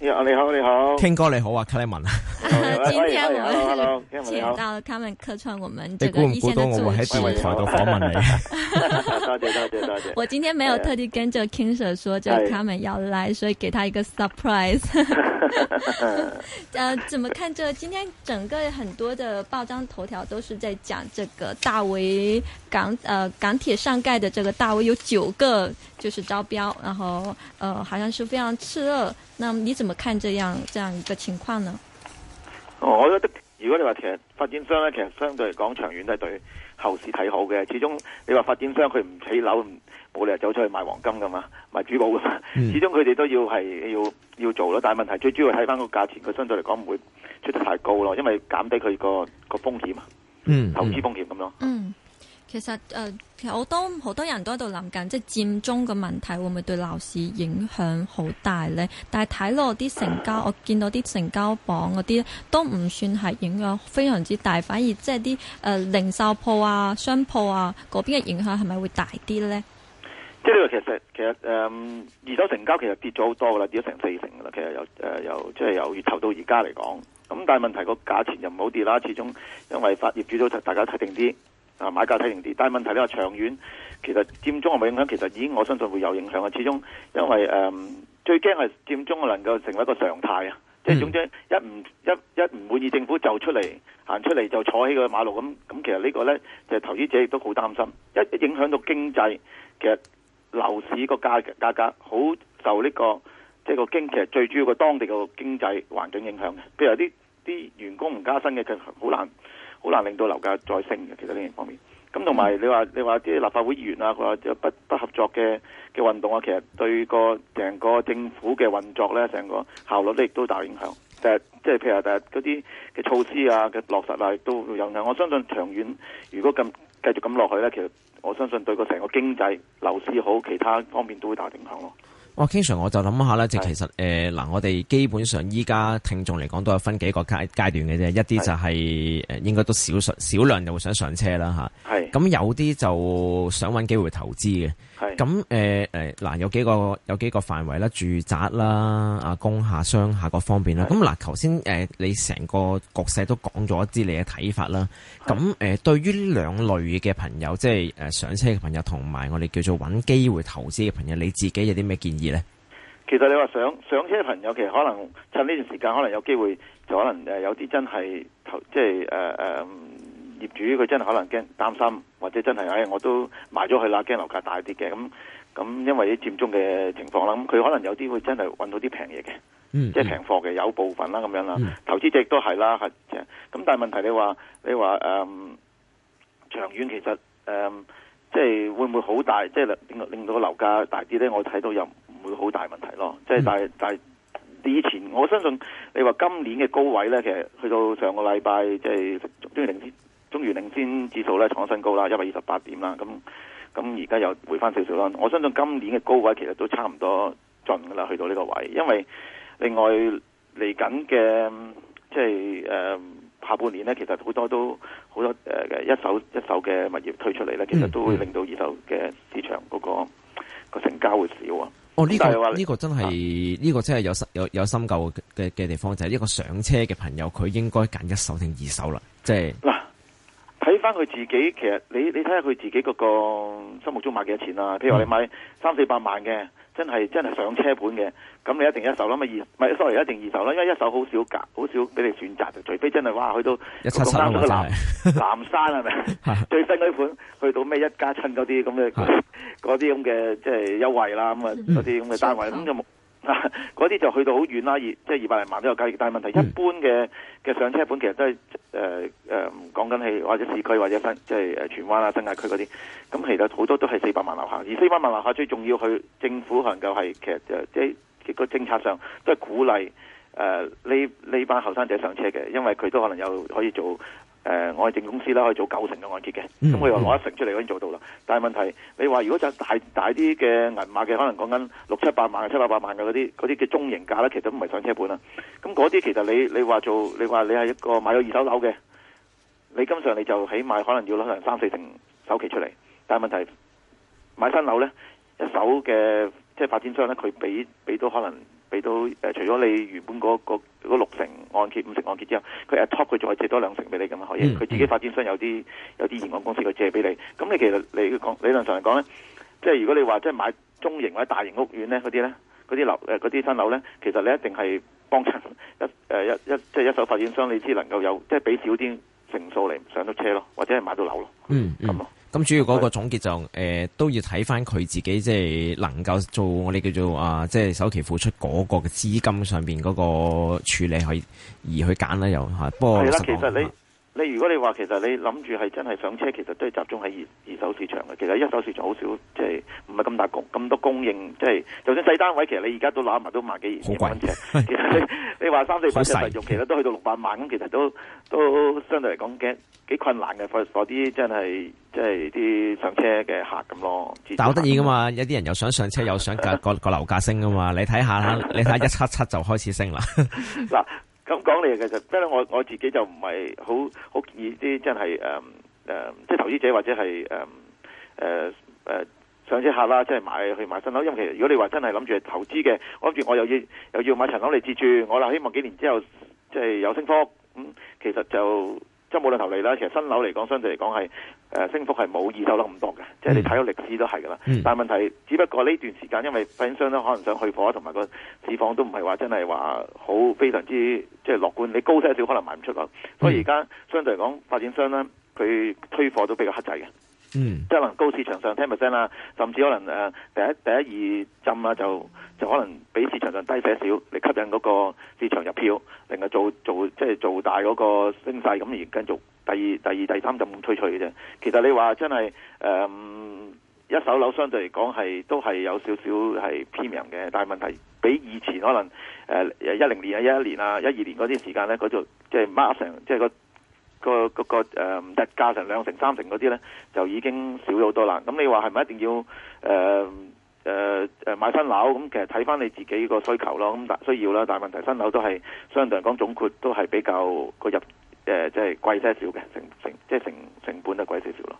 Yo, 你好，你好，你好，King 哥你好啊 Clayman 啊，克文 uh, 今天我們請到 Clayman 客串我們這個一線的主持啊，猜猜我， 我今天沒有特地跟住 King Sir 這個 KingSir 說，就 Clayman 要來，所以給他一個 surprise， 呃，怎麼看？這今天整個很多的報章頭條都是在講這個大圍。港，呃，港鐵上蓋的這個大圍有九個，就是招標，然後，呃，好像是非常熾熱。那你怎麼看這樣這樣一個情況呢？哦，我覺得如果你話其實發展商咧，其實相對嚟講長遠都係對後市睇好嘅。始終你話發展商佢唔起樓，冇理由走出去賣黃金噶嘛，賣珠寶噶嘛、嗯。始終佢哋都要係要要做咯。但係問題是最主要睇翻個價錢，佢相對嚟講唔會出得太高咯，因為減低佢個個，個風險，嗯，投資風險咁咯，嗯。嗯。其實誒、呃，其實好多好多人都喺度諗緊，即係佔中嘅問題會唔會對樓市影響好大咧？但係睇落啲成交，我見到啲成交榜嗰啲都唔算係影響非常之大，反而即係啲誒零售鋪啊、商鋪啊嗰邊嘅影響係咪會大啲咧？即係呢個其實其實誒、嗯，二手成交其實跌咗好多噶啦，跌咗成四成噶啦。其實由誒由即係由月頭到而家嚟講，咁但係問題個價錢又唔好跌啦，始終因為發業主都大家睇定啲。啊，買價睇盈利，但係問題比較長遠，其實佔中係咪影響？其實已經我相信會有影響啊！始終因為誒、嗯，最驚係佔中能夠成為一個常態啊！即係總之一唔一一唔滿意政府就出嚟行出嚟就坐喺個馬路咁，咁其實呢個呢，就係、投資者亦都好擔心，一影響到經濟，其實樓市個價價格好受呢、呢個即係、呢個經濟最主要個當地個經濟環境影響嘅。譬如啲啲員工唔加薪嘅，佢好難。好難令到樓價再升嘅，其實呢件方面。咁同埋你話，你話啲立法會議員啊，佢話不不合作嘅嘅運動啊，其實對個整個政府嘅運作呢，成個效率呢亦都大影響。即係即係譬如係嗰啲嘅措施啊，嘅落實啊，亦都有影響。我相信長遠，如果咁繼續咁落去呢，其實我相信對個成個經濟流失、樓市好其他方面都會大影響咯。我經常我就諗下咧，就其實誒嗱、呃，我哋基本上依家聽眾嚟講，都有分幾個階階段嘅啫，一啲就係、是、誒應該都少數少量就會想上車啦嚇，咁有啲就想揾機會投資嘅。咁誒嗱，有幾個有幾個範圍啦，住宅啦，啊工廈商廈各方面啦。咁嗱，頭先誒你成個局勢都講咗一啲你嘅睇法啦。咁對、呃、對於兩類嘅朋友，即係上車嘅朋友同埋我哋叫做搵機會投資嘅朋友，你自己有啲咩建議咧？其實你話上上車嘅朋友，其實可能趁呢段時間，可能有機會就可能有啲真係投，即係誒、呃呃業主佢真係可能驚擔心，或者真係誒、哎，我都賣咗去啦，驚樓價大跌嘅咁咁，因為啲佔中嘅情況啦，咁佢可能有啲會真係揾到啲平嘢嘅，即係平貨嘅，有部分啦咁樣啦、嗯，投資者亦都係啦，係咁但係問題你話你話誒、呃、長遠其實誒，即、呃、係、就是、會唔會好大，即、就、係、是、令令到樓價大跌咧？我睇到又唔會好大問題咯。即係但但以前，我相信你話今年嘅高位咧，其實去到上個禮拜即係終於零點。中原領先指數咧，創新高啦，一百二十八點啦。咁咁而家又回翻少少啦。我相信今年嘅高位其實都差唔多盡噶啦，去到呢個位。因為另外嚟緊嘅即係誒、呃、下半年咧，其實好多都好多誒、呃、一手一手嘅物業推出嚟咧，其實都會令到二手嘅市場嗰、那個個、嗯嗯、成交會少啊。哦，呢、這個呢真係呢個真係、啊這個、有深有有深究嘅嘅地方，就係、是、一個上車嘅朋友，佢應該揀一手定二手啦，即係嗱。睇翻佢自己，其實你你睇下佢自己嗰個心目中買幾多錢啊？譬如話你買三四百萬嘅，真係真係上車盤嘅，咁你一定一手啦嘛，二咪 sorry 一定二手啦，因為一手好少㗎，好少俾你選擇嘅，除非真係哇去到一七三三南山係咪？最新嗰啲盤去到咩一家親嗰啲咁嘅嗰啲咁嘅即係優惠啦咁啊嗰啲咁嘅單位咁就冇。 嗰 啲就去到好遠啦，二即係二百零萬都有計。但係問題一般嘅嘅上車款其實都係誒誒講緊係或者市區或者新即係誒荃灣啊新界區嗰啲。咁其實好多都係四百萬樓下，而四百萬樓下最重要，去政府能夠係其實即係個政策上都係鼓勵誒呢呢班後生仔上車嘅，因為佢都可能有可以做。誒、呃，我係正公司啦，可以做九成嘅按揭嘅，咁我又攞一成出嚟已經做到啦。但係問題，你話如果就大大啲嘅銀碼嘅，可能講緊六七百萬、七八百萬嘅嗰啲，嗰啲嘅中型價咧，其實唔係上車盤啦，啊。咁嗰啲其實你你話做，你話你係一個買咗二手樓嘅，你今上你就起碼可能要攞成三四成首期出嚟。但係問題，買新樓咧，一手嘅即係發展商咧，佢俾俾到可能。俾到誒、呃，除咗你原本嗰六成按揭、五成按揭之後，佢 at top 佢再借多兩成俾你，咁啊可以，佢自己發展商有啲有啲銀行公司佢借俾你，咁你其實你講理論上嚟講咧，即係如果你話即係買中型或者大型屋苑咧，嗰啲咧嗰啲樓誒啲、呃、新樓咧，其實你一定係幫襯一誒、呃、一一即係、就是、一手發展商，你先能夠有即係俾少啲成數嚟上到車咯，或者係買到樓咯，咁、嗯、咯。咁主要嗰個總結就誒、呃、都要睇返佢自己即係能夠做我哋叫做啊，即係首期付出嗰個嘅資金上面嗰個處理可以而去揀啦，又嚇不過其實你。你如果你話其實你諗住係真係上車，其實都係集中喺二二手市場嘅。其實一手市場好少，即係唔係咁大供咁多供應。即係就算細單位其，其實你而家都攬埋都賣幾二千其實你話話三四百尺物業，其實都去到六百萬，咁其實都都相對嚟講幾幾困難嘅。嗰嗰啲真係即係啲上車嘅客咁咯。但好得意噶嘛，有啲人又想上車，又想價 個個個樓價升噶嘛。你睇下，你睇下一七七就開始升啦 嗱。咁講嚟其實，不過我我自己就唔係好好建議啲真係誒誒，即係投資者或者係誒誒誒上車客啦，即係買去買新樓。因為其實如果你話真係諗住投資嘅，我諗住我又要又要買層樓嚟自住，我啦希望幾年之後即係有升幅。咁、嗯、其實就。即係冇論頭嚟啦，其實新樓嚟講，相對嚟講係誒升幅係冇二手樓咁多嘅、嗯，即係你睇到歷史都係㗎啦。但係問題，只不過呢段時間，因為發展商咧可能想去貨，同埋個市況都唔係話真係話好非常之即係、就是、樂觀，你高些少可能賣唔出嚟、嗯，所以而家相對嚟講，發展商咧佢推貨都比較克制嘅。嗯，即係可能高市場上 ten percent 啦，甚至可能誒第一第一第二浸啦，就就可能比市場上低啡少嚟吸引嗰個市場入票，令到做做即係做大嗰個升勢，咁而跟住第二第二第三就咁吹推嘅啫。其實你話真係誒、嗯、一手樓相對嚟講係都係有少少係 premium 嘅，但係問題比以前可能誒一零年啊、一一年啊、一二年嗰啲時間咧，嗰度即係 market 即係個。就是 marking, 個嗰個誒日、嗯、價成兩成三成嗰啲咧，就已經少咗好多啦。咁你話係咪一定要、呃呃、買新樓？咁其實睇翻你自己個需求咯。咁但需要啦，但係問題新樓都係相對嚟講總括都係比較個入即係、呃就是、貴些少嘅成成，即係成成本都貴些少咯。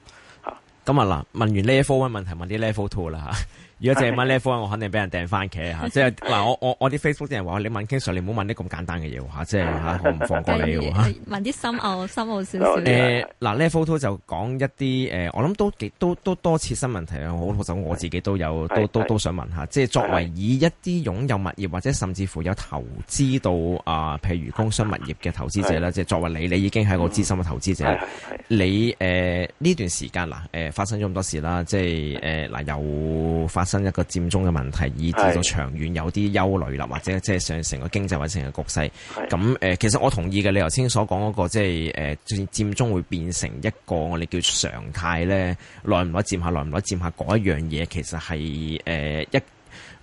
咁啊嗱，問完 level one 問題問啲 level two 啦嚇。如果淨係問呢 l 我肯定俾人掟番茄，即係嗱，我我我啲 Facebook 啲人話，你問 King Sir，你唔好問啲咁簡單嘅嘢喎，即係、啊、我唔放過你嚇。啊、 問啲深奧、深奧少少。誒嗱，呢幅圖就講一啲誒、呃，我諗都幾都都多次新問題啊！好，我就我自己都有，都 都都，都想問下。即係作為以一啲擁有物業或者甚至乎有投資到啊、呃，譬如工商物業嘅投資者啦。即 係 作為你，你已經係一個資深嘅投資者。 你誒呢、呃、段時間啦誒、呃、發生咗咁多事啦，即係誒嗱又發。新一個佔中嘅問題，以至到長遠有啲憂慮啦，或者即係上成個經濟或者成個局勢。咁誒，其實我同意嘅，你頭先所講嗰個即係誒佔中會變成一個我哋叫常態咧，耐唔耐佔下，耐唔耐佔下嗰一樣嘢，其實係誒、呃、一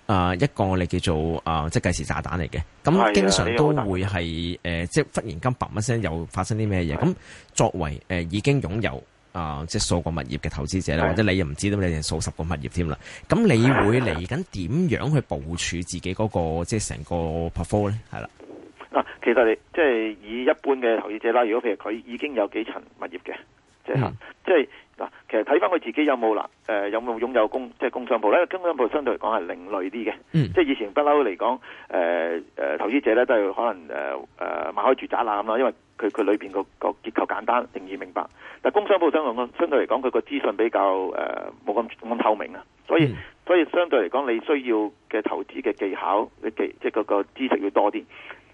啊、呃、一個我哋叫做啊、呃、即係計時炸彈嚟嘅。咁經常都會係誒、呃、即係忽然間砰一聲，又發生啲咩嘢？咁作為誒、呃、已經擁有。啊！即係數個物業嘅投資者咧，或者你又唔知道你連數十個物業添啦。咁你會嚟緊點樣去部署自己嗰、那個即係成個 portfolio 咧？係啦，嗱、啊，其實你即係、就是、以一般嘅投資者啦。如果譬如佢已經有幾層物業嘅，即係即係。嗯就是嗱，其實睇翻佢自己有冇啦，誒、呃、有冇擁有工即係工商部咧？工商部相對嚟講係另類啲嘅、嗯，即係以前不嬲嚟講，誒、呃、誒投資者咧都係可能誒誒、呃呃、買開住宅樓咁咯，因為佢佢裏面個個結構簡單，定義明白。但係工商部相對嚟講，佢個資訊比較誒冇咁咁透明啊，所以、嗯、所以相對嚟講，你需要嘅投資嘅技巧嘅技，即係嗰個知識要多啲。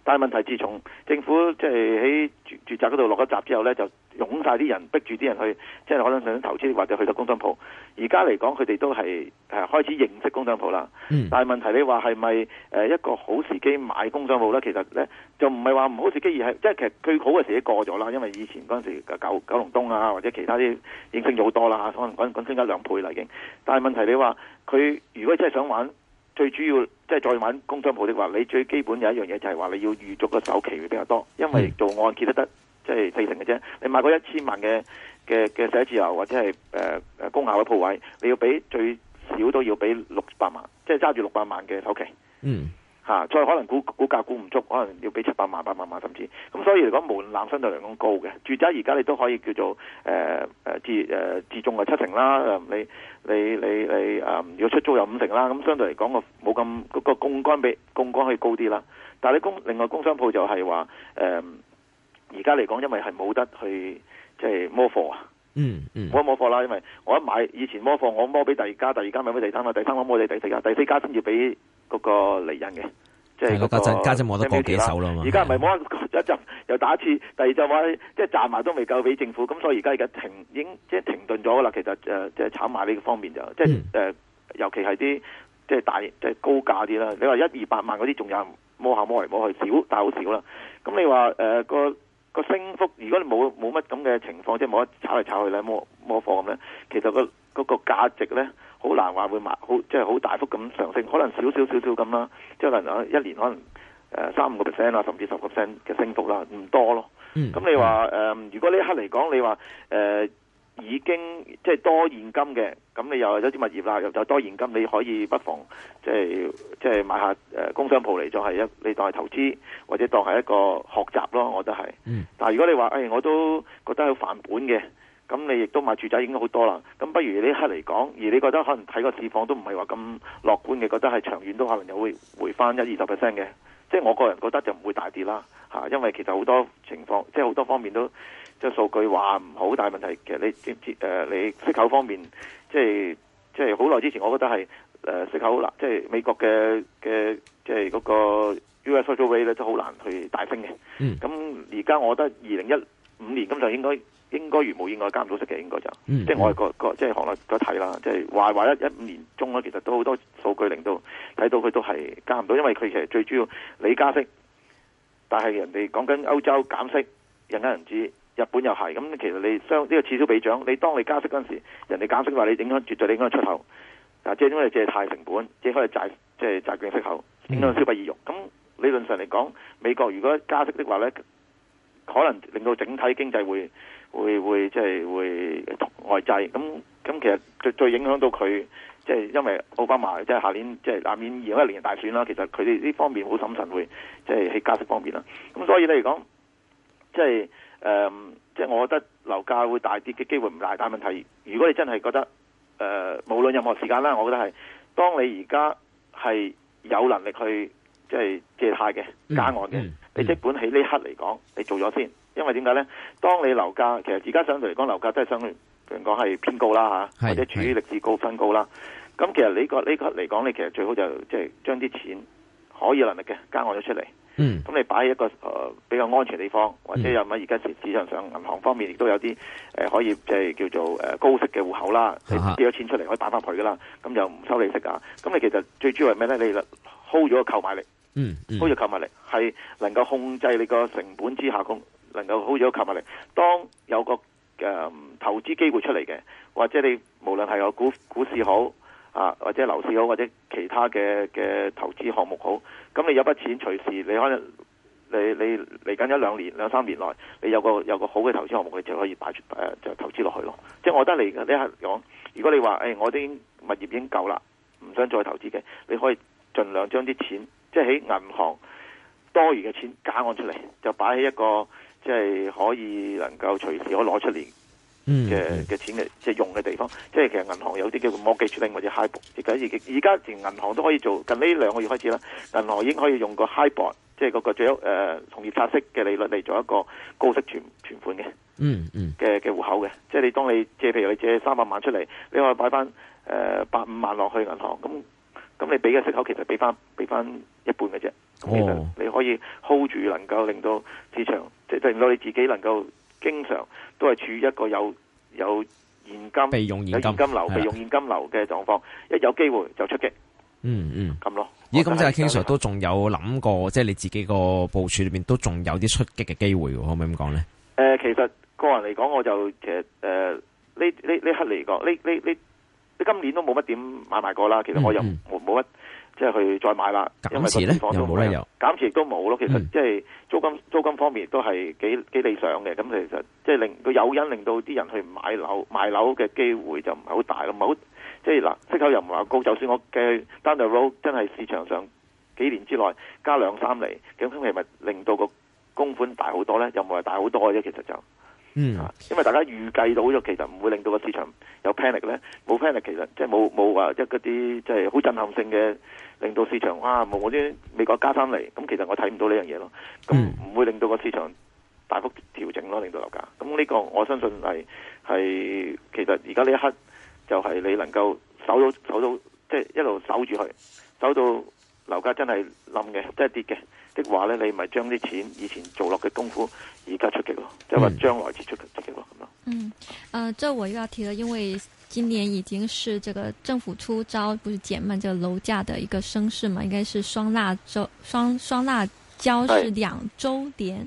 但係問題，自從政府即係喺住住宅嗰度落咗閘之後咧，就湧晒啲人，逼住啲人去，即係可能想投資或者去到工商鋪。而家嚟講，佢哋都係誒開始認識工商鋪啦、嗯。但係問題，你話係咪誒一個好時機買工商鋪咧？其實咧就唔係話唔好時機，而係即係其實最好嘅時機已經過咗啦。因為以前嗰陣時候九九龍東啊，或者其他啲認識就好多啦，可能滾滾升咗兩倍啦已經。但係問題，你話佢如果真係想玩？最主要即係再揾工商鋪的話，你最基本有一樣嘢就係話你要預足個首期會比較多，因為做按揭得得即係、就是、四成嘅啫。你買個一千萬嘅嘅嘅寫字樓或者係誒誒工廈嘅鋪位，你要俾最少都要俾六百萬，即係揸住六百萬嘅首期。嗯。吓、啊，再可能估估價估唔足，可能要俾七百萬、八百萬甚至。咁所以嚟講，門檻相對嚟講高嘅住宅，而家你都可以叫做誒誒、呃、自誒、呃、自重係七成啦，你你你你、呃、如果出租有五成啦，咁相對嚟講冇咁個個槓桿比槓桿可以高啲啦。但你工另外工商鋪就係話誒，而家嚟講因為係冇得去即係、就是、摸貨啊，嗯嗯，摸，一摸貨啦，因為我一買以前摸貨，我摸俾第二家，第二家咪俾第三啦，第三我摸俾第四家，第四家先至俾。嗰、那個利潤嘅，即係、那個家姐，冇得播幾手啦嘛。而家咪摸一一集，又打一次，第二集話即係賺埋都未夠俾政府。咁所以而家而家停，已經即係停頓咗啦。其實誒、呃，即係炒賣呢個方面就，即係誒，嗯、尤其係啲即係大即係高價啲啦。你話一二百萬嗰啲仲有人摸下摸嚟摸去，少但好少啦。咁你話誒、呃、個個升幅，如果你冇冇乜咁嘅情況，即係冇得炒嚟炒去咧，摸摸放咧，其實、那個嗰、那個價值咧。好難話會買好，即係好大幅咁上升，可能少少少少咁啦，即係可能一年可能三五個 percent 啊，甚至十個 percent 嘅升幅啦，唔多咯。咁、嗯、你話、呃、如果呢一刻嚟講，你話、呃、已經即係多現金嘅，咁你又有啲物業啦，又就多現金，你可以不妨即係即係買下工商鋪嚟做係一，你當係投資或者當係一個學習咯，我都係、嗯。但如果你話誒、欸，我都覺得有返本嘅。咁你亦都買住宅已經好多啦，咁不如呢刻嚟講，而你覺得可能睇個市況都唔係話咁樂觀嘅，覺得係長遠都可能又會回翻一二十 percent 嘅，即係我個人覺得就唔會大跌啦、吓、因為其實好多情況，即係好多方面都即係數據話唔好，但係問題其實你知唔知你息、呃、口方面，即係即係好耐之前，我覺得係誒、呃、息口啦即係美國嘅嘅即係嗰個 US social way 咧都好難去大升嘅。咁而家我覺得二零一五年咁就應該。應該如無意外加的，加唔到息嘅應該就，嗯、即係我係個個即係行內個睇啦。即係話話一一五年中咧，其實都好多數據令到睇到佢都係加唔到，因為佢其實最主要你加息，但係人哋講緊歐洲減息，引家人知日本又係咁。其實你相呢、呢個次笑比漲，你當你加息嗰陣時，人哋減息的話你影響絕對影響出口。嗱，借咗你借貸成本，借咗你債即係債券息口影響消費意欲。咁、嗯、理論上嚟講，美國如果加息的話咧，可能令到整體經濟會。會會即係會同外債咁咁，其實最最影響到佢，即係因為奧巴馬即係下年即係難免二一年大選啦。其實佢哋呢方面好審慎，會即係喺加息方面啦。咁所以你嚟講，即係誒、嗯，即係我覺得樓價會大跌嘅機會唔大。但係問題，如果你真係覺得誒、呃，無論任何時間啦，我覺得係當你而家係有能力去即係借貸嘅加按嘅、嗯嗯，你即管喺呢刻嚟講，你做咗先。因為點解咧？當你樓價，其實而家相對嚟講樓價都係相對，嚟講係偏高啦吓，或者處於歷史高分高啦。咁其實你、這個呢刻嚟講，你其實最好就即係將啲錢可以能力嘅加按咗出嚟。咁、嗯、你擺喺一個誒、呃、比較安全地方，或者有乜而家市市場上銀行方面亦都有啲誒、嗯呃、可以即係叫做誒高息嘅戶口啦。啊、你跌咗錢出嚟可以擺翻佢噶啦，咁又唔收利息啊。咁你其實最主要係咩咧？你 hold 咗個購買力。嗯。hold 咗購買力係能夠控制你個成本之下能夠好咗，購物力，當有個誒、嗯、投資機會出嚟嘅，或者你無論係個股股市好啊，或者樓市好，或者其他嘅嘅投資項目好，咁你有一筆錢隨時，你可能你你嚟緊一兩年、兩三年內，你有個有個好嘅投資項目，佢就可以擺出、呃、就投資落去咯。即、就、係、是、我覺得嚟嘅呢下講，如果你話誒、欸、我啲物業已經夠啦，唔想再投資嘅，你可以盡量將啲錢即係喺銀行多餘嘅錢加按出嚟，就擺喺一個即係可以能夠隨時可以攞出嚟嘅嘅錢嘅，即係用嘅地方。即係其實銀行有啲叫做 mortgage link 或者 HIBOR，而家而家連銀行都可以做。近呢兩個月開始啦，銀行已經可以用個 HIBOR，a d 即係嗰個最有誒、呃、同業拆息嘅利率嚟做一個高息存存款嘅。嗯嗯嘅嘅戶口嘅。即係你當你借，譬如你借三百萬出嚟，你可以擺翻誒百五萬落去銀行，咁咁你俾嘅息口其實俾翻俾翻一半嘅啫。哦、你可以 hold 住，能夠令到市場，即令到你自己能夠經常都係處於一個有有現金備用現金、現金流備用現金流嘅狀況，嗯嗯有就是有就是、有一有機會就出擊。嗯嗯，咁咯。咦，咁即係 King Sir 都仲有諗過，即係你自己個部署裏面都仲有啲出擊嘅機會，嗯、可唔可以咁講咧？誒、呃，其實個人嚟講，我就其實誒呢呢呢刻嚟講，呢呢呢，你今年都冇乜點買賣過啦。其實我又冇乜。嗯即係去再買啦，減持呢有冇咧有？減持都冇咯，其實即係租金租金方面都係幾幾理想嘅。咁其實即係令個誘因令到啲人去買樓買樓嘅機會就唔係好大咯，唔係好即係嗱，息口又唔係話高。就算我嘅單條 road 真係市場上幾年之內加兩三釐，咁係咪令到個供款大好多呢？又唔係大好多嘅啫，其實就。嗯，因為大家預計到咗，其實唔會令到個市場有 panic 咧，冇 panic，其實即係冇冇話一嗰啲即係好震撼性嘅，令到市場啊冇我啲美國加翻嚟，咁其實我睇唔到呢樣嘢咯，咁唔會令到個市場大幅調整咯，令到樓價，咁呢個我相信係係其實而家呢一刻就係你能夠守到守到即係一路守住佢，守到樓價真係冧嘅，即係跌嘅。的話咧，你咪將啲錢以前做落嘅功夫，而家出擊咯，即係話將來先出擊咯咁咯。嗯，誒，再、嗯呃、我又要提啦，因為今年已經是這個政府出招，不是減慢這樓價的一個升勢嘛，應該是雙辣招，雙雙辣招是兩周年。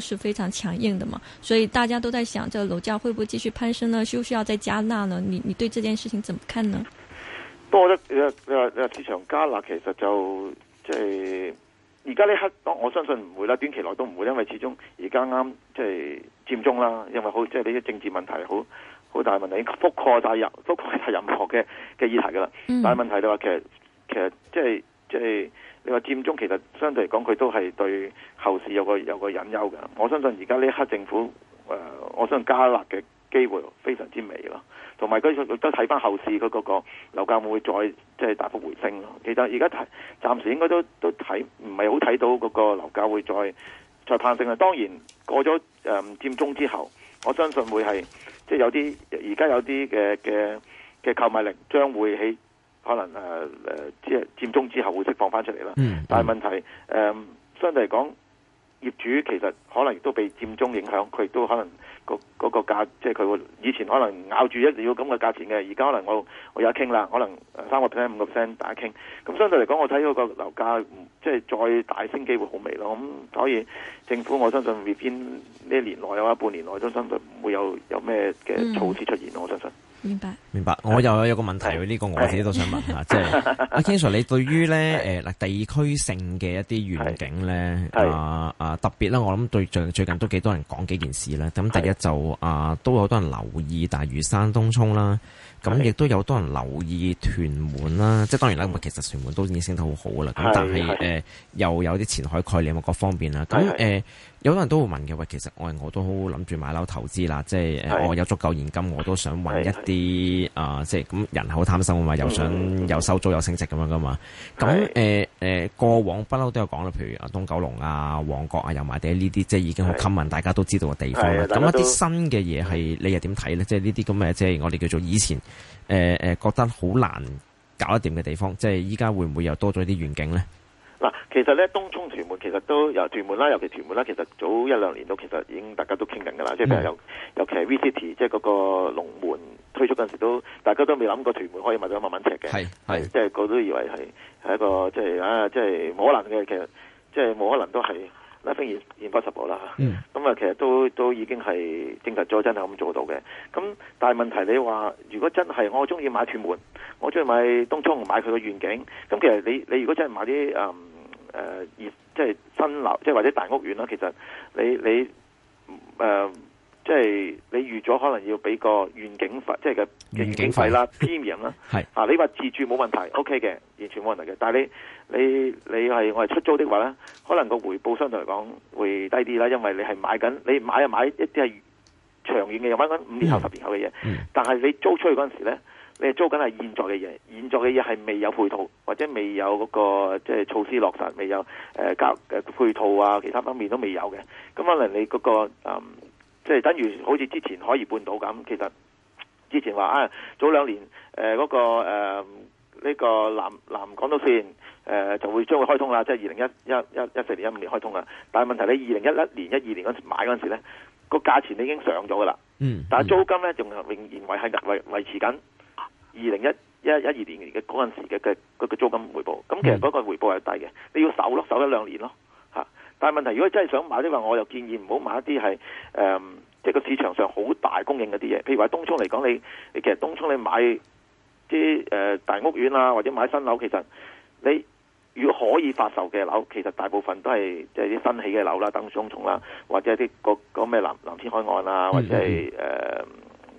是非常強硬的嘛，所以大家都在想，這個、樓價會不會繼續攀升呢？需不需要再加納呢？你你對這件事情怎麼看呢？不過我話你話你話市場加納其實就即係而家呢刻，我相信唔會啦，短期內都唔會，因為始終而家啱即係佔中啦，因為好即係啲政治問題好好大問題，覆蓋晒任覆蓋晒任何嘅嘅議題噶啦、嗯。但係問題你話其實其實即係即係。就是你話佔中其實相對嚟講，佢都係對後市有個有個隱憂嘅。我相信而家呢一刻政府誒，我相信加辣嘅機會非常之微咯。同埋佢亦都睇翻後市嗰個樓價會唔會、就是、那個樓價會再即係大幅回升咯。其實而家睇暫時應該都都睇唔係好睇到嗰個樓價會再再攀升啊。當然過咗誒、嗯、佔中之後，我相信會係即係有啲而家有啲嘅嘅嘅購買力將會喺。可能誒誒，即、呃、係佔中之後會釋放翻出嚟啦。但係問題誒、呃，相對嚟講，業主其實可能亦都被佔中影響，佢亦都可能個嗰價，即係佢會以前可能咬住一定要咁嘅價錢嘅，而家可能我我有得傾啦，可能三個 percent、五個 percent 打一傾。咁相對嚟講，我睇嗰個樓價，即係再大升機會好微咯。咁、嗯、所以政府，我相信會偏呢一年內啊，半年內都相對唔會有有咩嘅措施出現，我相信、嗯。明白，明白。我又有個問題喎、呢個我自己都想問下，即係阿 King Sir 你對於呢誒嗱、呃、地區性嘅一啲願景呢？啊啊、呃、特別咧，我諗對最最近都幾多人講幾件事咧。咁第一就啊、呃、都有多人留意，大嶼山東涌啦，咁亦都有多人留意屯門啦。即係當然啦，其實屯門都已經升得好好啦。咁但係誒、呃、又有啲前海概念啊，各方面啦。咁、那、誒、個。有好多人都會問嘅，喂，其實我我都好諗住買樓投資啦，即係我、哦、有足夠現金，我都想揾一啲啊、呃，即係咁人口貪心啊嘛，又想、嗯、又收租又升值咁樣噶嘛。咁誒誒，過往不嬲都有講啦，譬如啊東九龍啊、旺角啊、油麻地呢啲，即係已經好吸引大家都知道嘅地方啦。咁一啲新嘅嘢係你又點睇呢？即係呢啲咁嘅，即係我哋叫做以前誒誒、呃、覺得好難搞得掂嘅地方，即係依家會唔會又多咗啲遠景呢？嗱，其實咧，東涌屯門其實都有屯門啦，尤其屯門啦，其實早一兩年都其實已經大家都傾緊㗎啦，mm. 即係譬如尤其係 V City，即係嗰個龍門推出嗰陣時，都大家都未諗過屯門可以買到一萬蚊尺嘅，係即係我都以為係係一個即係啊，即係冇可能嘅，其實即係冇可能都係 l i v i n 十啦，咁、mm. 啊，其實都都已經係證實咗真係咁做到嘅。咁但係問題你話，如果真係我中意買屯門，我中意買東涌買佢個遠景，咁其實你你如果真係買啲誒，而即係新樓，即係或者大屋苑啦。其實你你誒、呃，即係你預咗可能要俾個願景費，即係嘅願景費啦、P M 啦。係啊，你話自住冇問題，OK 嘅，完全冇問題嘅。但係你你你係我係出租的話咧，可能個回報相對嚟講會低啲啦，因為你係買緊，你買啊買一啲係長遠嘅又買緊五年後、十年後嘅嘢。但係你租出去嗰陣時咧。你是租緊係現在嘅嘢，現在嘅嘢係未有配套，或者未有嗰、那個即係、就是、措施落實，未有誒交、呃、配套啊，其他方面都未有嘅。咁可能你嗰、那個即係、嗯就是、等於好似之前海怡半島咁，其實之前話啊，早兩年誒嗰、呃那個呢、呃這個南南港島線誒、呃、就會將佢開通啦，即係二零一一、一、一四年、一五年開通啦。但係問題呢，二零一一年、一二年嗰陣買嗰陣時咧，個價錢已經上咗噶啦，嗯，但係租金呢，仲係仍然維係維維持緊。二零一一一二年嘅嗰陣時嘅嘅嘅租金回報，咁其實嗰個回報係低嘅，你要守咯，守一兩年咯嚇。但係問題是，如果真係想買的話，我又建議唔好買一啲係誒，即係個市場上好大供應嗰啲嘢。譬如話東涌嚟講，你你其實東涌你買啲誒、呃、大屋苑啊，或者買新樓，其實你如果可以發售嘅樓，其實大部分都係即係啲新起嘅樓啦，等商重啦，或者啲嗰嗰咩藍藍天海岸啊，嗯、或者係誒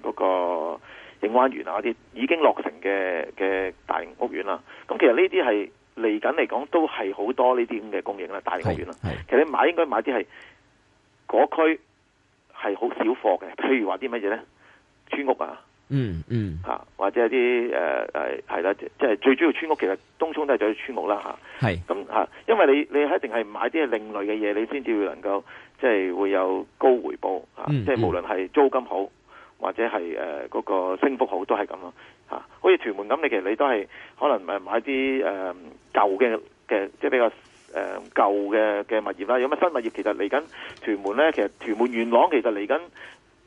嗰個。景灣園啊，一啲已經落成嘅嘅大型屋苑啦。咁其實呢啲係嚟緊嚟講都係好多呢啲咁嘅供應啦，大型屋苑啦。其實你買應該買啲係嗰區係好少貨嘅，譬如話啲乜嘢咧？村屋啊，嗯嗯吓、啊，或者一啲誒誒係啦，即、呃、係、就是、最主要村屋，其實東涌都係在村屋啦吓。係咁吓，因為你你一定係買啲另類嘅嘢，你先至會能夠即係會有高回報吓、啊嗯，即係無論係租金好。嗯嗯或者係誒嗰個升幅好都係咁咯嚇，好、啊、似屯門咁，你其實你都係可能誒買啲誒、呃、舊嘅嘅，即係比較誒、呃、舊嘅嘅物業啦。有乜新物業？其實嚟緊屯門咧，其實屯門元朗其實嚟緊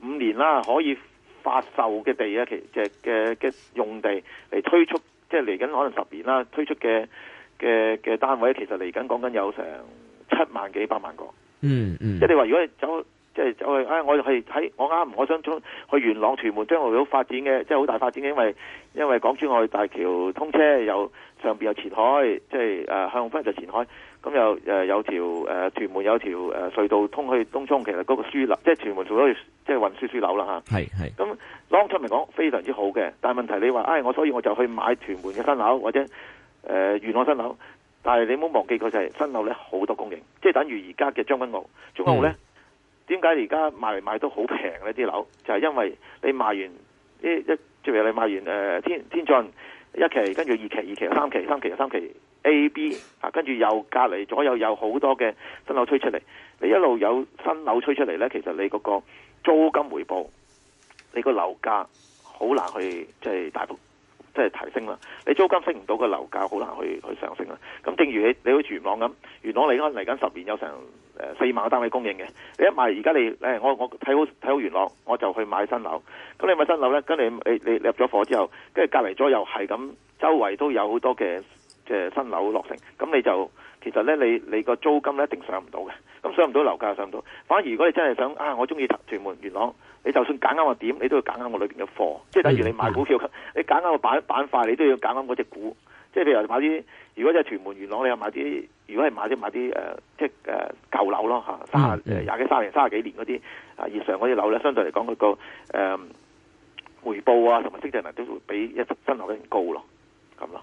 五年啦，可以發售嘅地啊，其實嘅嘅用地嚟推出，即係嚟緊可能十年啦，推出嘅嘅嘅單位，其實嚟緊講緊有成七萬幾百萬個。嗯嗯，即係你話如果你走。即、就、係、是哎、我去啊！我係喺我啱，我想去去元朗屯門將來會發展嘅，即係好大發展嘅。因為因為港珠澳大橋通車有，又上邊有前海，即係誒向北就前海，咁、嗯、又有、呃、有條誒、呃、屯門有條誒、呃、隧道通去東涌，其實嗰個樞紐即係、就是、屯門做咗，即係運輸樞紐啦嚇。係、啊、係。咁 long term 嚟講非常之好嘅，但係問題你話唉，我、哎、所以我就去買屯門嘅新樓或者誒、呃、元朗新樓，但係你冇忘記佢就係新樓咧好多供應，即、就、係、是、等於而家嘅將軍澳，將軍澳咧。嗯。點解而家賣嚟賣都好平呢啲樓就係、是、因為你賣完呢一，特別你賣完誒，天天晉一期，跟住二期、二期、三期、三期、三期、三期 A、B 啊，跟住又隔籬左右有好多嘅新樓推出嚟，你一路有新樓推出嚟呢，其實你嗰個租金回報，你個樓價好難去即係大幅。即係提升啦，你租金升唔到的，個樓價好難去去上升啦。咁正如你，你好似元朗咁，元朗嚟緊嚟緊十年有成四萬個單位供應嘅，你一賣而家你我我睇好睇好元朗，我就去買新樓。咁你買新樓咧，跟你你，你，你入咗貨之後，跟住隔離左又係咁，周圍都有好多嘅新樓落成，咁你就其實咧，你你個租金咧一定上唔到嘅。咁上唔到，樓價上唔到，反而如果你真係想啊，我中意屯屯門元朗，你就算揀啱個點，你都要揀啱我裏邊嘅貨。即係等於你買股票，你揀啱個板板塊，你都要揀啱嗰隻股。即係譬如買啲，如果真係屯門元朗，你又買啲，如果係買啲買啲誒、呃，即係誒、呃、舊樓咯嚇，三廿廿幾三十年、三十幾年嗰啲啊，以上嗰啲樓咧，相對嚟講佢個回、呃、報啊同埋息淨率都會比一新樓一定高咯，咁咯。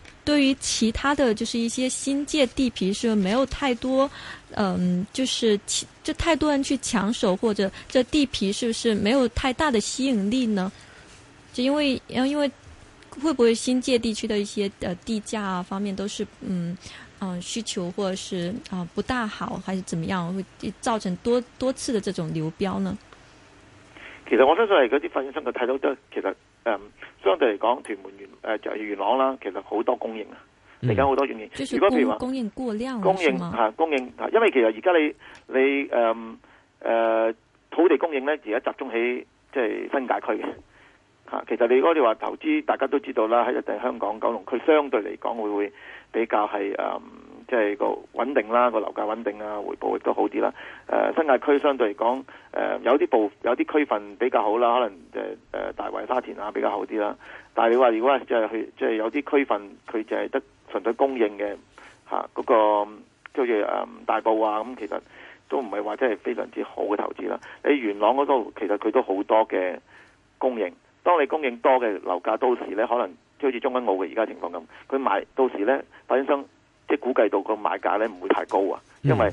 對於其他的就是一些新界地皮是不是沒有太多，嗯、呃，就是其這太多人去搶手，或者這地皮是不是沒有太大的吸引力呢？就因為因為會不會新界地區的一些呃地價方面都是嗯嗯、呃、需求或者是啊、呃、不大好還是怎麼樣，會造成多多次的這種流標呢？其實我相信，嗰啲發展商佢太多，都其實。誒、嗯，相對嚟講，屯門元誒就、呃、元朗啦，其實好多供應啊，嚟緊好多供應。嗯就是、供如果譬如話供應過量係嘛？供應吓，供應吓，因為其實而家你你誒誒、嗯呃、土地供應咧，而家集中喺即係新界區嘅吓、啊。其實你如果你話投資，大家都知道啦，喺一定香港九龍區相對嚟講會會比較係誒。嗯即、就、係、是、個穩定啦，個樓價穩定啊，回報亦都好啲啦。誒、呃，新界區相對嚟講，誒、呃、有啲部有啲區份比較好啦，可能誒、就、誒、是呃、大圍沙田啊比較好啲啦。但係你話如果即係去即係有啲區份佢就係得純粹供應嘅嚇，嗰、啊那個即係誒大埔啊咁，其實都唔係話真係非常之好嘅投資啦。你元朗嗰度其實佢都好多嘅供應，當你供應多嘅樓價到時咧，可能即好似中銀澳嘅而家情況咁，佢買到時咧，發展商。即估計到個賣價咧唔會太高啊，因為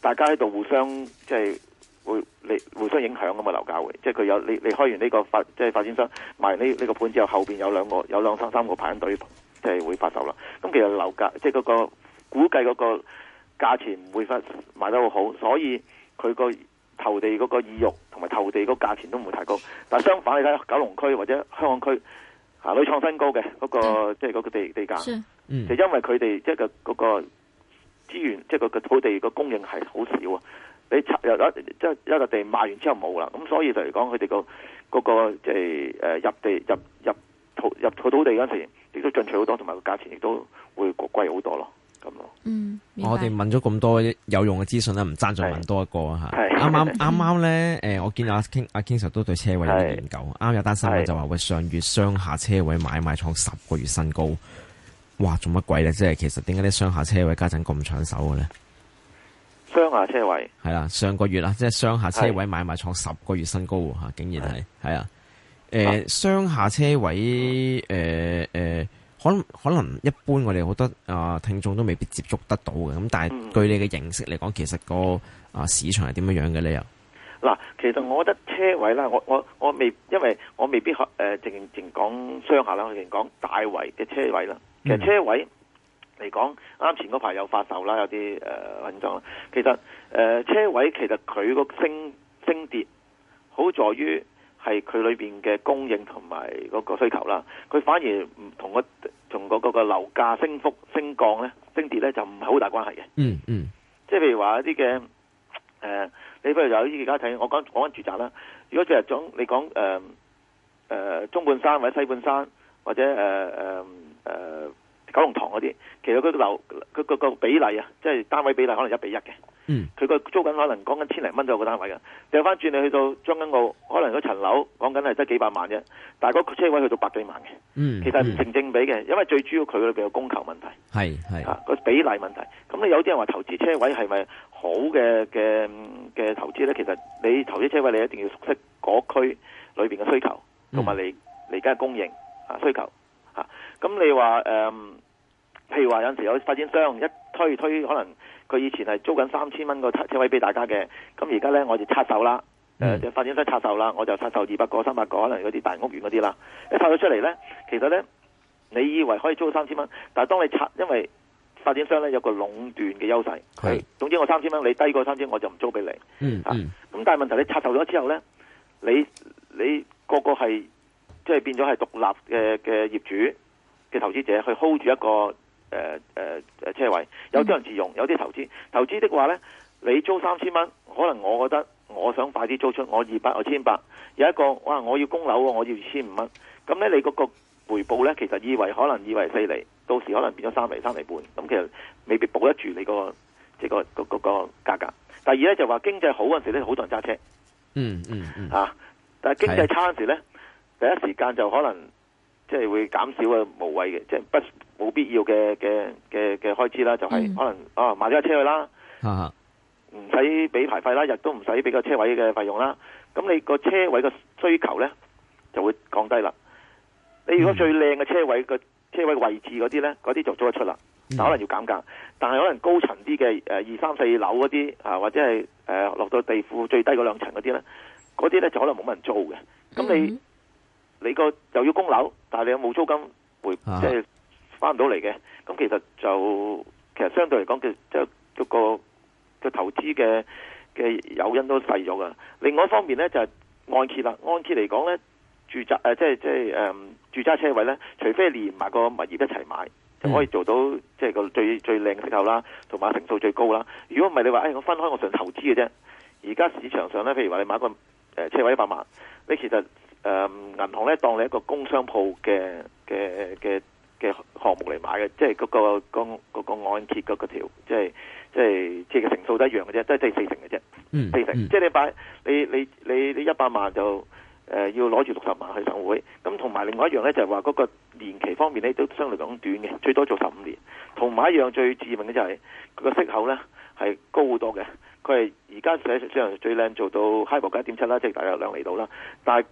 大家喺度互相即係、就是、會你互相影響啊嘛樓價會，即係佢有你你開完呢個發即係發展、就是、商賣呢呢個盤之後，後面有兩個有兩三三個排緊隊即係會發售啦。咁其實樓價即係嗰個估計嗰個價錢唔會發賣得好好，所以佢個投地嗰個意欲同埋投地嗰個價錢都唔會太高。但相反，你睇九龍區或者香港區嚇都創新高嘅嗰、那個即係嗰個地地價。就、嗯、因為佢哋即係個嗰個資源，即、就、係、是、個土地個供應係好少啊！你拆入一即係一個地賣完之後冇啦，咁所以他們、那個、就嚟、是、講，佢哋個嗰即係誒入地入入土入土土地嗰陣時候，亦都進取好多，同埋個價錢亦都會貴好多咯，咁咯。嗯，我哋問咗咁多有用嘅資訊咧，唔爭再問多一個啊嚇。啱啱啱啱咧，誒、嗯欸、我見阿 King 阿 King Sir 都對車位有啲研究，啱有單新聞就話喂，上月雙下車位買賣創十個月新高。哇！做乜鬼呢？即係其實點解啲商下車位家陣咁搶手嘅呢？商下車位係啦，上個月啦，即係商下車位買賣創十個月新高吓，竟然係係、呃、啊！誒，商下車位誒誒、呃呃，可能可能一般我哋好多啊聽眾都未必接觸得到嘅。咁但係據你嘅認識嚟講，其實個啊市場係點樣樣嘅呢？啊嗱，其實我覺得車位咧，我我我未，因為我未必可誒，淨淨講商下啦，我哋講大圍嘅車位啦。其實車位嚟講，啱前嗰排有發售啦，有啲誒品種啦。其實誒、呃、車位，其實佢個升升跌，好在於係佢裏邊嘅供應同埋嗰個需求啦。佢反而唔同，嗰個同嗰個樓價升幅升降咧，升跌咧就唔係好大關係嘅。嗯嗯，即係譬如話一啲嘅誒，你譬如就好似而家睇，我講我講緊住宅啦。如果就係講你講誒誒、呃呃、中半山或者西半山。或者誒誒誒九龍塘嗰啲，其實佢樓佢個個比例啊，即係單位比例可能一比一嘅。嗯，佢個租緊可能講緊千零蚊都有個單位嘅。掉翻轉你去到將軍澳，可能嗰層樓講緊係得幾百萬啫，但係嗰車位去到百幾萬嘅、嗯。其實唔成正，正比嘅、嗯，因為最主要佢裏邊有供求問題係係啊個比例問題。咁你有啲人話投資車位係咪好嘅嘅嘅投資咧？其實你投資車位你一定要熟悉嗰區裏邊嘅需求同埋你嚟緊嘅供應。啊需求。球、啊，吓咁你話誒、嗯，譬如話有陣時有發展商一推一推，可能佢以前係租緊三千蚊個車位俾大家嘅，咁而家咧我就拆售啦，誒、嗯，就是、發展商拆售啦,我就拆售二百個、三百個，可能有啲大屋苑嗰啲啦。一拆咗出嚟咧，其實咧，你以為可以租三千蚊，但係當你拆，因為發展商咧有個壟斷嘅優勢，係。總之我三千蚊，你低過三千我就唔租俾你、啊。嗯。咁、嗯啊、但係問題你拆售咗之後咧，你你個個係。即係變咗係獨立嘅嘅業主嘅投資者去 hold 住一個誒誒誒車位，有啲人自用，有啲投資。投資的話呢，你租三千蚊，可能我覺得我想快啲租出，我二千八，我千八。有一個，哇，我要供樓，我要二千五蚊。咁呢，你嗰個個回報呢，其實以為可能以為四厘，到時可能變咗三厘，三厘半。咁其實未必保得住你，那個即，那個嗰，那個價，那個格。第二呢，就話經濟好嗰陣時呢好多人揸車。嗯嗯，嗯啊，但係經濟差嗰陣時呢第一時間就可能即係會減少嘅無謂嘅，即係不冇必要嘅嘅嘅嘅開支啦。就係、是嗯、可能啊，賣咗架車去啦，唔使俾牌費啦，亦都唔使俾個車位嘅費用啦。咁你個車位嘅需求呢就會降低啦。你如果最靚嘅車位個、嗯、車位位置嗰啲呢，嗰啲就租得出啦。嗯、可能要減價，但係可能高層啲嘅誒二三四樓嗰啲啊，或者係、呃、落到地庫最低嗰兩層嗰啲呢，嗰啲呢就可能冇乜人租嘅。咁你、嗯你個又要供樓，但係你有冇租金會、就是、回，即係翻唔到嚟嘅。咁其實就其實相對嚟講嘅，就係嗰個投資嘅嘅誘因都細咗噶。另外一方面咧，就係、按揭啦。按揭嚟講咧，住宅即係即係住宅車位咧，除非連埋個物業一齊買，就可以做到即係個最最靚嘅息口啦，同埋成數最高啦。如果唔係你話，誒、哎、我分開我純投資嘅啫。而家市場上咧，譬如話你買個誒車位一百萬，你其實。誒、嗯，銀行咧當你一個工商鋪嘅嘅嘅嘅項目嚟買嘅，即係嗰、那個、那個那個按揭嗰個條，即係即係即係成數都一樣嘅啫，即係四成嘅啫、嗯，四成，嗯、即係你擺你你你你一百萬就誒、呃、要攞住六十萬去上會，咁同埋另外一樣咧就係話嗰個年期方面咧都相對講短嘅，最多做十五年，同埋一樣最致命嘅就係個個息口咧係高好多嘅，佢係而家市場上最靚做到 H 加一點七啦，即係大約兩厘度啦，但係。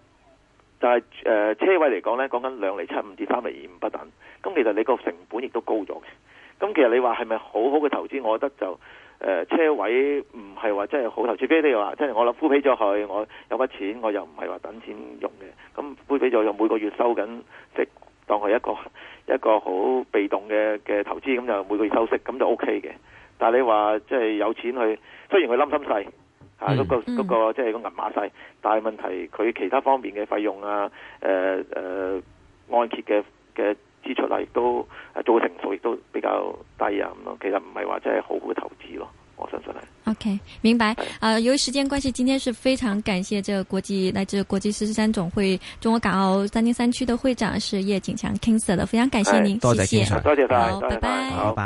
但係誒車位嚟講咧，講緊兩厘七五至三厘二五不等，咁其實你個成本亦都高咗嘅。咁其實你話係咪好好嘅投資？我覺得就誒車位唔係話真係好投資，比如話即係我攞灰皮咗佢，我有筆錢，我又唔係話等錢用嘅。咁灰皮咗，就每個月收緊即當佢一個一個好被動嘅嘅投資，咁就每個月收息，咁就 O K 嘅。但你話即係有錢去，雖然佢冧心細。啊，嗰個嗰、嗯嗯、個即係、就是、個銀碼細，但係問題佢其他方面嘅費用啊，呃呃、按揭嘅嘅支出嚟都做、呃、成數亦都比較低啊咁咯，其實唔係話真係好好嘅投資咯，我相信係。OK，明白。呃、由於時間關係，今天是非常感謝這個國際來自國際獅子總會中國港澳三零三區的會長是葉景強 King Sir 的，非常感謝您，多謝，謝謝多謝大家，拜拜。